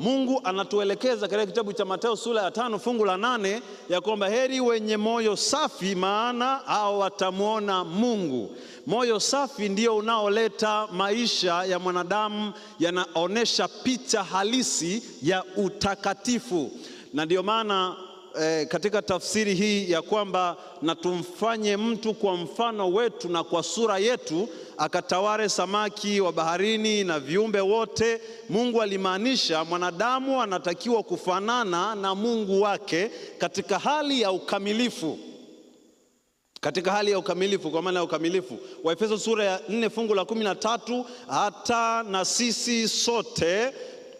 Mungu anatuelekeza katika kitabu cha mateo sura ya tano fungu la nane ya kwamba heri wenye moyo safi, maana hao watamwona Mungu. Moyo safi ndio unaoleta maisha ya mwanadamu, yanaonesha picha halisi ya utakatifu, na ndio maana e, katika tafsiri hii ya kwamba na tumfanye mtu kwa mfano wetu na kwa sura yetu akataware samaki wa baharini na viumbe wote. Mungu alimaanisha mwanadamu anatakiwa kufanana na Mungu wake katika hali ya ukamilifu katika hali ya ukamilifu, kwa maana ya ukamilifu. Waefeso sura ya 4 fungu la 13, hata na sisi sote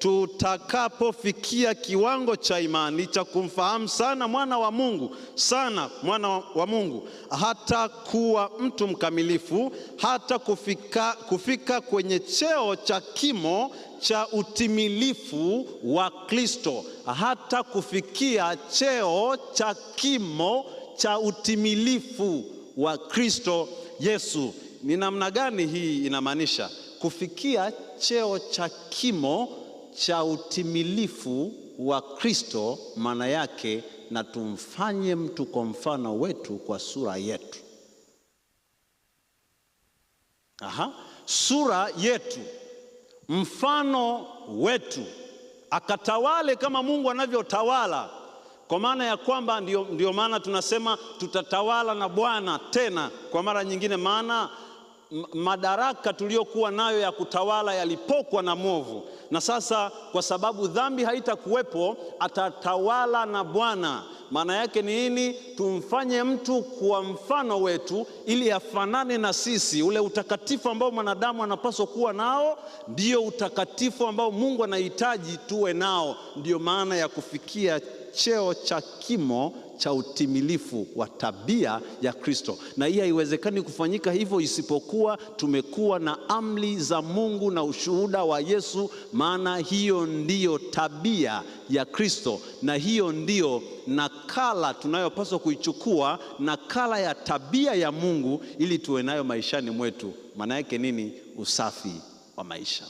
tutakapofikia kiwango cha imani cha kumfahamu sana mwana wa Mungu, sana mwana wa Mungu, hata kuwa mtu mkamilifu, hata kufika, kufika kwenye cheo cha kimo cha utimilifu wa Kristo, hata kufikia cheo cha kimo cha utimilifu wa Kristo Yesu. Ni namna gani hii inamaanisha? Kufikia cheo cha kimo cha utimilifu wa Kristo, maana yake na tumfanye mtu kwa mfano wetu, kwa sura yetu. Aha, sura yetu, mfano wetu, akatawale kama Mungu anavyotawala, kwa maana ya kwamba ndio maana tunasema tutatawala na Bwana tena kwa mara nyingine, maana madaraka tuliyokuwa nayo ya kutawala yalipokwa na mwovu, na sasa kwa sababu dhambi haitakuwepo atatawala na Bwana. Maana yake ni nini? Tumfanye mtu kwa mfano wetu, ili afanane na sisi. Ule utakatifu ambao mwanadamu anapaswa kuwa nao ndio utakatifu ambao Mungu anahitaji tuwe nao, ndio maana ya kufikia cheo cha kimo cha utimilifu wa tabia ya Kristo, na hii haiwezekani kufanyika hivyo isipokuwa tumekuwa na amri za Mungu na ushuhuda wa Yesu, maana hiyo ndiyo tabia ya Kristo, na hiyo ndiyo nakala tunayopaswa kuichukua, nakala ya tabia ya Mungu ili tuwe nayo maishani mwetu. Maana yake nini? Usafi wa maisha.